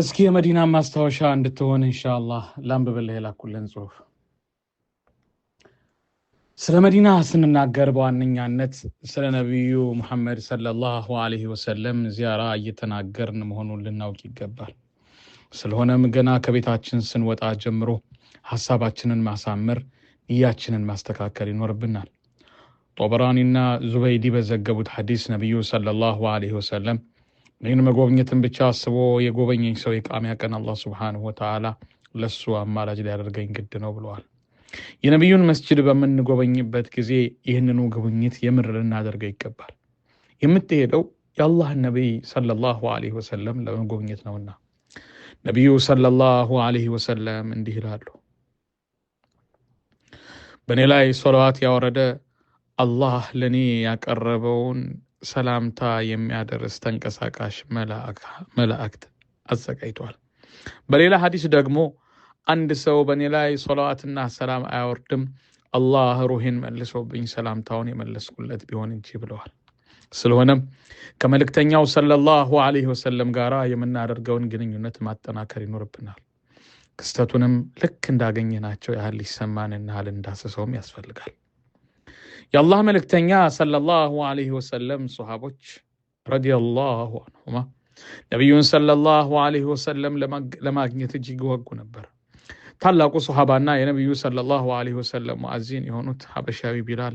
እስኪ የመዲና ማስታወሻ እንድትሆን እንሻላ ላንብብልህ የላኩልን ጽሁፍ። ስለ መዲና ስንናገር በዋነኛነት ስለ ነቢዩ ሙሐመድ ሰለላሁ አለይሂ ወሰለም ዚያራ እየተናገርን መሆኑን ልናውቅ ይገባል። ስለሆነም ገና ከቤታችን ስንወጣ ጀምሮ ሀሳባችንን ማሳመር፣ ንያችንን ማስተካከል ይኖርብናል። ጦበራኒና ዙበይዲ በዘገቡት ሐዲስ ነቢዩ ሰለላሁ አለይሂ ወሰለም ይህን መጎብኘትን ብቻ አስቦ የጎበኘኝ ሰው የቃሚያ ቀን አላ ሱብሓነሁ ወተዓላ ለሱ አማላጅ ሊያደርገኝ ግድ ነው ብለዋል። የነቢዩን መስጅድ በምንጎበኝበት ጊዜ ይህንኑ ጉብኝት የምር ልናደርገው ይገባል። የምትሄደው የአላህን ነቢይ ሰለላሁ ዐለይሂ ወሰለም ለመጎብኘት ነውና ነቢዩ ሰለላሁ ዐለይሂ ወሰለም እንዲህ ይላሉ፣ በእኔ ላይ ሶለዋት ያወረደ አላህ ለእኔ ያቀረበውን ሰላምታ የሚያደርስ ተንቀሳቃሽ መላእክት አዘጋጅቷል። በሌላ ሀዲስ ደግሞ አንድ ሰው በእኔ ላይ ሶላዋትና ሰላም አያወርድም አላህ ሩሄን መልሶብኝ ሰላምታውን የመለስኩለት ቢሆን እንጂ ብለዋል። ስለሆነም ከመልእክተኛው ሰለላሁ ዐለይሂ ወሰለም ጋር የምናደርገውን ግንኙነት ማጠናከር ይኖርብናል። ክስተቱንም ልክ እንዳገኘናቸው ያህል ሊሰማንና እንዳስሰውም ያስፈልጋል። የአላህ መልእክተኛ ሰለላሁ ዐለይሂ ወሰለም ሶሃቦች ረዲየላሁ አንሁማ ነቢዩን ሰለላሁ ዐለይሂ ወሰለም ለማግኘት እጅግ ይወጉ ነበር። ታላቁ ሶሃባና የነቢዩ ሰለላሁ ዐለይሂ ወሰለም ሙአዚን የሆኑት ሀበሻዊ ቢላል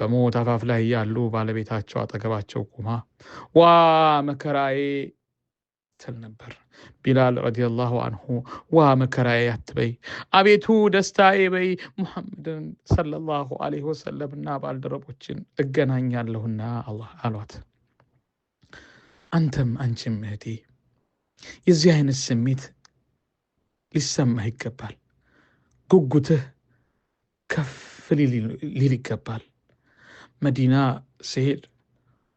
በሞት አፋፍ ላይ ያሉ ባለቤታቸው አጠገባቸው ቁማ ዋ መከራዬ ይከተል ነበር። ቢላል ረዲየላሁ አንሁ ዋ መከራዬ አትበይ፣ አቤቱ ደስታዬ በይ፣ ሙሐመድን ሰለላሁ ወሰለም ወሰለምና ባልደረቦችን እገናኛለሁና አሏት። አንተም አንቺም እህቴ የዚህ አይነት ስሜት ሊሰማህ ይገባል። ጉጉትህ ከፍ ሊል ይገባል። መዲና ስሄድ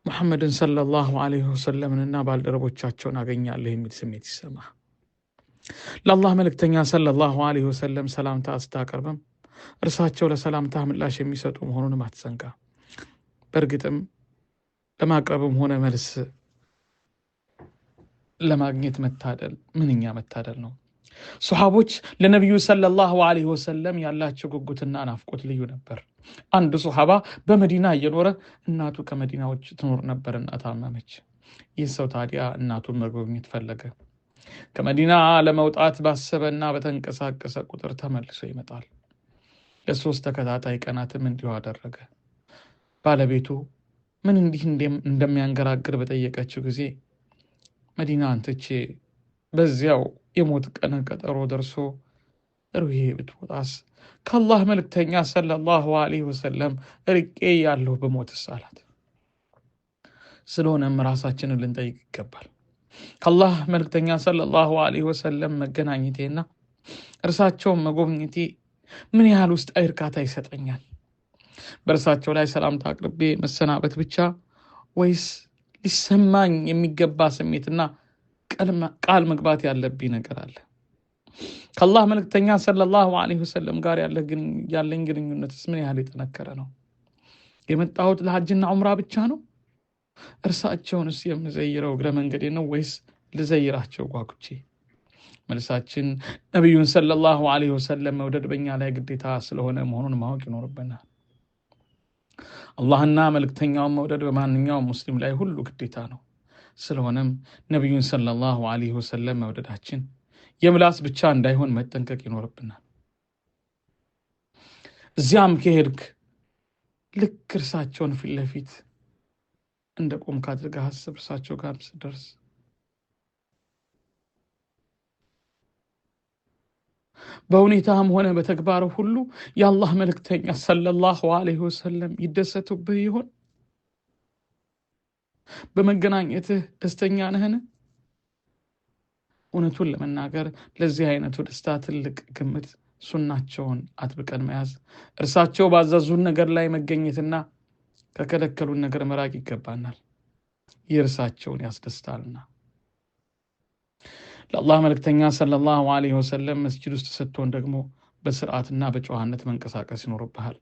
መሐመድን ሰለላሁ ዐለይሂ ወሰለምንና ባልደረቦቻቸውን አገኛለሁ የሚል ስሜት ይሰማ። ለአላህ መልእክተኛ ሰለላሁ ዐለይሂ ወሰለም ሰላምታ አስታቀርብም እርሳቸው ለሰላምታ ምላሽ የሚሰጡ መሆኑንም አትዘንጋ። በእርግጥም ለማቅረብም ሆነ መልስ ለማግኘት መታደል ምንኛ መታደል ነው። ሶሐቦች ለነቢዩ ሰለላሁ ዐለይሂ ወሰለም ያላቸው ጉጉትና ናፍቆት ልዩ ነበር። አንድ ሶሃባ በመዲና እየኖረ እናቱ ከመዲናዎች ትኖር ነበርና ታመመች። ይህ ሰው ታዲያ እናቱን መጎብኘት ፈለገ። ከመዲና ለመውጣት ባሰበና በተንቀሳቀሰ ቁጥር ተመልሶ ይመጣል። ለሶስት ተከታታይ ቀናትም እንዲሁ አደረገ። ባለቤቱ ምን እንዲህ እንደሚያንገራግር በጠየቀችው ጊዜ መዲናን ትቼ በዚያው የሞት ቀነ ቀጠሮ ደርሶ ሩሄ ብትወጣስ ከአላህ መልክተኛ ሰለላሁ ዐለይሂ ወሰለም ርቄ ያለሁ በሞትስ አላት። ስለሆነም ራሳችንን ልንጠይቅ ይገባል። ከአላህ መልክተኛ ሰለላሁ ዐለይሂ ወሰለም መገናኘቴና እርሳቸውን መጎብኘቴ ምን ያህል ውስጣዊ እርካታ ይሰጠኛል? በእርሳቸው ላይ ሰላምታ አቅርቤ መሰናበት ብቻ ወይስ ሊሰማኝ የሚገባ ስሜትና ቃል መግባት ያለብኝ ነገር አለ። ከአላህ መልእክተኛ ሰለላሁ ዐለይሂ ወሰለም ጋር ያለኝ ግንኙነትስ ምን ያህል የጠነከረ ነው? የመጣሁት ለሀጅና ዑምራ ብቻ ነው? እርሳቸውንስ የምዘይረው እግረ መንገዴ ነው ወይስ ልዘይራቸው ጓጉቼ? መልሳችን ነቢዩን ሰለላሁ ዐለይሂ ወሰለም መውደድ በኛ ላይ ግዴታ ስለሆነ መሆኑን ማወቅ ይኖርብናል። አላህና መልእክተኛውን መውደድ በማንኛውም ሙስሊም ላይ ሁሉ ግዴታ ነው። ስለሆነም ነቢዩን ሰለላሁ ዐለይሂ ወሰለም መውደዳችን የምላስ ብቻ እንዳይሆን መጠንቀቅ ይኖርብናል። እዚያም ከሄድክ ልክ እርሳቸውን ፊት ለፊት እንደ ቆም ካድርጋ ሀሰብ እርሳቸው ጋር ስደርስ በሁኔታም ሆነ በተግባር ሁሉ የአላህ መልእክተኛ ሰለላሁ ዐለይሂ ወሰለም ይደሰቱብህ ይሆን? በመገናኘትህ ደስተኛ ነህን? እውነቱን ለመናገር ለዚህ አይነቱ ደስታ ትልቅ ግምት ሱናቸውን አጥብቀን መያዝ፣ እርሳቸው ባዘዙን ነገር ላይ መገኘትና ከከለከሉን ነገር መራቅ ይገባናል። ይህ እርሳቸውን ያስደስታልና። ለአላህ መልእክተኛ ሰለላሁ ዐለይሂ ወሰለም መስጅድ ውስጥ ስትሆን ደግሞ በስርዓትና በጨዋነት መንቀሳቀስ ይኖርብሃል።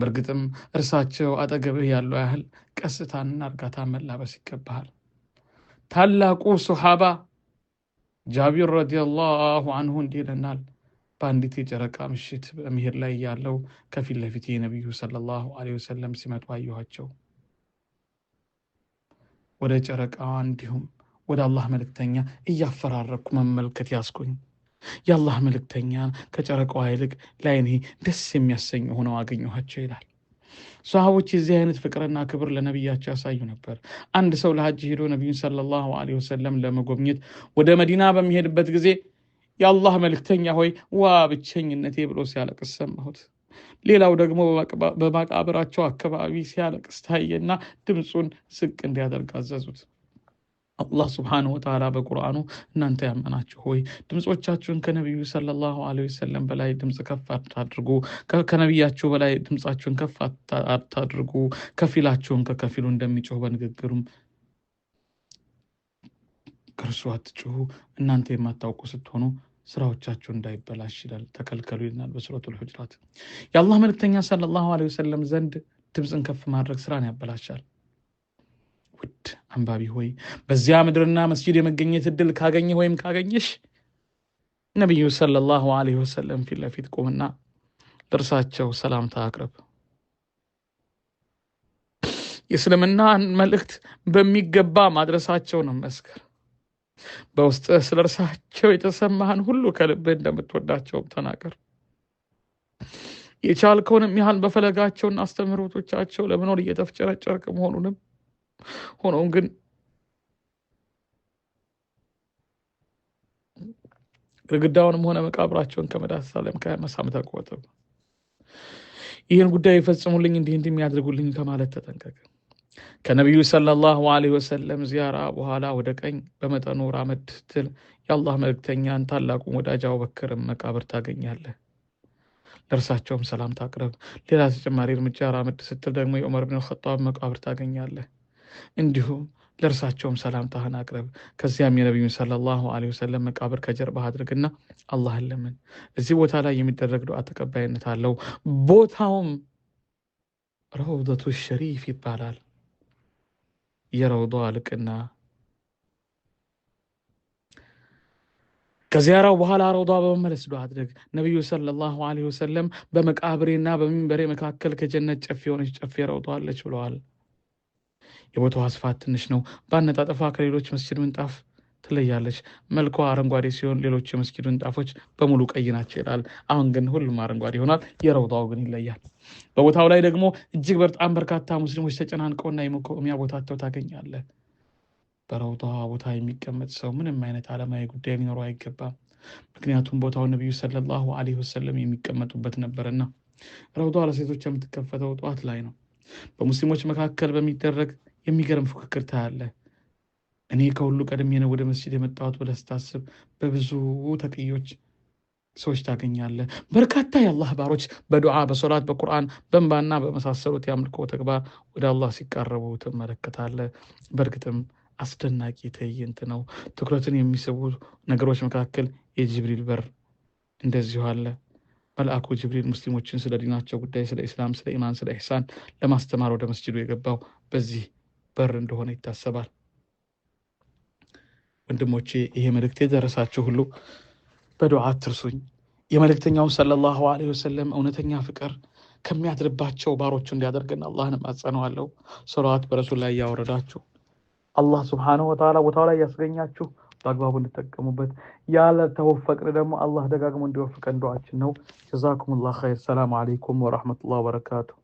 በእርግጥም እርሳቸው አጠገብህ ያሉ ያህል ቀስታንና እርጋታ መላበስ ይገባሃል። ታላቁ ሶሓባ ጃቢር ረዲየላሁ አንሁ እንዲህ ይለናል። በአንዲት የጨረቃ ምሽት በመሄድ ላይ ያለው ከፊት ለፊት የነቢዩ ሰለላሁ ዐለይሂ ወሰለም ሲመጡ አየኋቸው። ወደ ጨረቃዋ እንዲሁም ወደ አላህ መልእክተኛ እያፈራረኩ መመልከት ያስኩኝ። የአላህ መልእክተኛ ከጨረቃዋ ይልቅ ለአይኔ ደስ የሚያሰኝ ሆነው አገኘኋቸው ይላል። ሰሃቦች የዚህ አይነት ፍቅርና ክብር ለነቢያቸው ያሳዩ ነበር። አንድ ሰው ለሐጅ ሄዶ ነቢዩን ሰለላሁ ዐለይሂ ወሰለም ለመጎብኘት ወደ መዲና በሚሄድበት ጊዜ የአላህ መልእክተኛ ሆይ ዋ ብቸኝነቴ ብሎ ሲያለቅስ ሰማሁት። ሌላው ደግሞ በመቃብራቸው አካባቢ ሲያለቅስ ታየና ድምፁን ዝቅ እንዲያደርግ አዘዙት። አላህ ስብሓነሁ ወተዓላ በቁርአኑ እናንተ ያመናችሁ ሆይ ድምፆቻችሁን ከነቢዩ ሰለላሁ ዐለይሂ ወሰለም በላይ ድምፅ ከፍ አታድርጉ፣ ከነቢያችሁ በላይ ድምፃችሁን ከፍ አታድርጉ፣ ከፊላችሁን ከከፊሉ እንደሚጮህ በንግግሩም ከእርሱ አትጩሁ፣ እናንተ የማታውቁ ስትሆኑ ስራዎቻችሁ እንዳይበላሽ ይላል፣ ተከልከሉ ይልናል በሱረቱል ሑጅራት። የአላህ መልእክተኛ ሰለላሁ ዐለይሂ ወሰለም ዘንድ ድምፅን ከፍ ማድረግ ስራን ያበላሻል። ውድ አንባቢ ሆይ በዚያ ምድርና መስጂድ የመገኘት እድል ካገኘ ወይም ካገኘሽ ነቢዩ ሰለላሁ ዐለይሂ ወሰለም ፊት ለፊት ቁምና ለእርሳቸው ሰላምታ አቅርብ። የእስልምና መልእክት በሚገባ ማድረሳቸውን መስከር። በውስጥ ስለ እርሳቸው የተሰማህን ሁሉ ከልብህ እንደምትወዳቸውም ተናገር። የቻልከውንም ያህል በፈለጋቸውና አስተምህሮቶቻቸው ለመኖር እየተፍጨረጨርክ መሆኑንም ሆኖም ግን ግድግዳውንም ሆነ መቃብራቸውን ከመዳሰስ ዓለም ከመሳመት አቆጠብ። ይህን ጉዳይ ይፈጽሙልኝ እንዲህ እንዲህ የሚያደርጉልኝ ከማለት ተጠንቀቅ። ከነቢዩ ሰለላሁ ዐለይሂ ወሰለም ዚያራ በኋላ ወደ ቀኝ በመጠኑ ራመድ ስትል የአላህ መልእክተኛን ታላቁን ወዳጅ አቡበክርን መቃብር ታገኛለህ። ለእርሳቸውም ሰላም ታቅርብ። ሌላ ተጨማሪ እርምጃ ራመድ ስትል ደግሞ የዑመር ብን ኸጣብ መቃብር ታገኛለህ። እንዲሁም ለእርሳቸውም ሰላምታህን አቅርብ። ከዚያም የነቢዩን ሰለላሁ ዐለይሂ ወሰለም መቃብር ከጀርባ አድርግና አላህን ለምን። እዚህ ቦታ ላይ የሚደረግ ዱዓ ተቀባይነት አለው። ቦታውም ረውደቱ ሸሪፍ ይባላል። የረውዷ ልቅና ከዚያራው በኋላ ረውዷ በመመለስ ዱዓ አድርግ። ነቢዩ ሰለላሁ ዐለይሂ ወሰለም በመቃብሬና በሚንበሬ መካከል ከጀነት ጨፍ የሆነች ጨፍ ረውዷ አለች ብለዋል። የቦታዋ ስፋት ትንሽ ነው። በአነጣጠፏ ከሌሎች መስጅድ ምንጣፍ ትለያለች። መልኳ አረንጓዴ ሲሆን ሌሎች የመስጊዱ ንጣፎች በሙሉ ቀይ ናቸው ይላል። አሁን ግን ሁሉም አረንጓዴ ይሆናል። የረውዳው ግን ይለያል። በቦታው ላይ ደግሞ እጅግ በጣም በርካታ ሙስሊሞች ተጨናንቀውና የመቆሚያ ቦታቸው ታገኛለ። በረውዳዋ ቦታ የሚቀመጥ ሰው ምንም አይነት አለማዊ ጉዳይ ሊኖረው አይገባም። ምክንያቱም ቦታው ነቢዩ ሰለላሁ ዐለይሂ ወሰለም የሚቀመጡበት ነበርና። ረውዳዋ ለሴቶች የምትከፈተው ጠዋት ላይ ነው። በሙስሊሞች መካከል በሚደረግ የሚገርም ፉክክር ታያለ። እኔ ከሁሉ ቀድሜ ነው ወደ መስጅድ የመጣሁት ብለህ ስታስብ በብዙ ተቅዮች ሰዎች ታገኛለህ። በርካታ የአላህ ባሮች በዱዓ በሶላት በቁርአን በንባና በመሳሰሉት የአምልኮ ተግባር ወደ አላህ ሲቃረቡ ትመለከታለ በእርግጥም አስደናቂ ትዕይንት ነው። ትኩረትን የሚስቡ ነገሮች መካከል የጅብሪል በር እንደዚሁ አለ። መልአኩ ጅብሪል ሙስሊሞችን ስለ ዲናቸው ጉዳይ፣ ስለ ኢስላም፣ ስለ ኢማን፣ ስለ ኢሕሳን ለማስተማር ወደ መስጅዱ የገባው በዚህ በር እንደሆነ ይታሰባል። ወንድሞቼ ይሄ መልእክት የደረሳችሁ ሁሉ በዱዓ አትርሱኝ። የመልእክተኛውን ሰለላሁ ዐለይሂ ወሰለም እውነተኛ ፍቅር ከሚያድርባቸው ባሮቹ እንዲያደርገን አላህን እማጸነዋለሁ። ሰለዋት በረሱል ላይ እያወረዳችሁ አላህ ስብሓነሁ ወተዓላ ቦታው ላይ እያስገኛችሁ በአግባቡ እንድጠቀሙበት፣ ተወፈቅን ደግሞ አላህ ደጋግሞ እንዲወፍቀን ዱዓችን ነው። ጀዛኩሙላህ ኸይር። ሰላም አለይኩም ወረሕመቱላህ ወበረካቱሁ።